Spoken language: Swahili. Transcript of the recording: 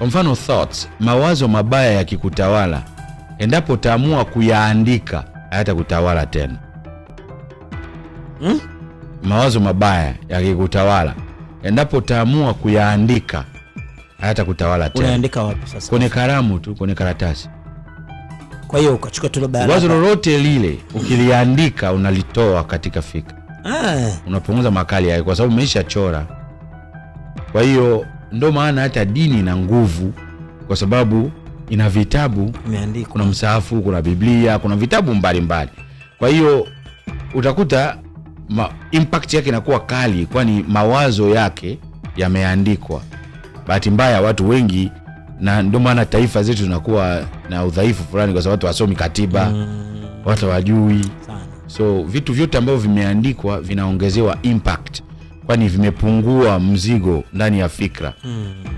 Kwa mfano thoughts, mawazo mabaya yakikutawala, endapo utaamua kuyaandika hayatakutawala tena hmm? Mawazo mabaya yakikutawala, endapo utaamua kuyaandika hayatakutawala tena. Unaandika wapi sasa? Kwenye kalamu tu, kwenye karatasi. Kwa hiyo ukachukua tu labda wazo lolote lile ukiliandika, unalitoa katika fikra ah. Unapunguza makali yake kwa sababu umeisha chora. Kwa hiyo Ndo maana hata dini ina nguvu, kwa sababu ina vitabu Miandiku. kuna msaafu kuna Biblia, kuna vitabu mbalimbali mbali. Kwa hiyo utakuta ma, impact yake inakuwa kali, kwani mawazo yake yameandikwa. Bahati mbaya watu wengi, na ndio maana taifa zetu zinakuwa na udhaifu fulani, kwa sababu watu wasomi katiba mm. watu wajui So vitu vyote ambavyo vimeandikwa vinaongezewa impact kwani vimepungua mzigo ndani ya fikra mm.